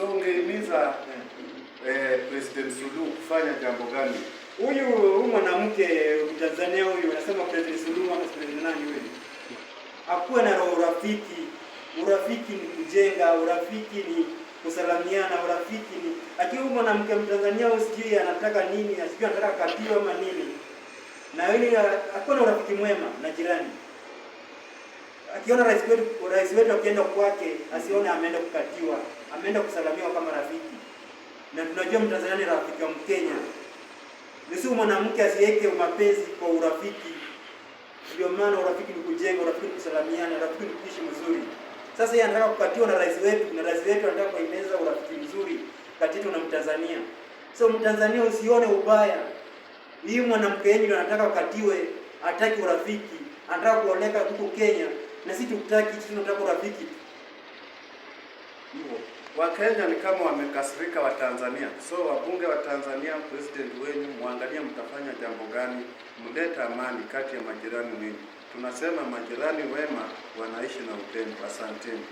So ungeimiza eh, eh, President Suluhu kufanya jambo gani? Huyu huyu mwanamke mtanzania huyu anasema President Suluhu ama President nani wewe? Hakuwa na roho urafiki. Urafiki ni kujenga, urafiki ni kusalamiana, urafiki ni akiwa mwanamke Mtanzania huyu sijui anataka nini, sijui anataka katiwa ama nini. Na yule hakuwa na urafiki mwema na jirani akiona rais wetu rais wetu akienda kwake asione ameenda kukatiwa, ameenda kusalamiwa kama rafiki. Na tunajua Mtanzania ni rafiki wa Mkenya, ni nisiu mwanamke asiweke mapenzi kwa urafiki. Ndio maana urafiki ni kujenga, urafiki ni kusalamiana, urafiki ni kuishi mzuri. Sasa yeye anataka kukatiwa na rais wetu, na rais wetu anataka kuimeza urafiki mzuri kati yetu na Mtanzania. So Mtanzania usione ubaya, hii mwanamke yenu anataka kukatiwe, ataki urafiki, anataka kuoneka huko Kenya na sisi tutaki tunataka urafiki tu. Hivyo Wakenya ni kama wamekasirika wa Tanzania. So wabunge wa Tanzania, president wenyu, muangalie mtafanya jambo gani, mleta amani kati ya majirani wenu. Tunasema majirani wema wanaishi na upendo. Asanteni.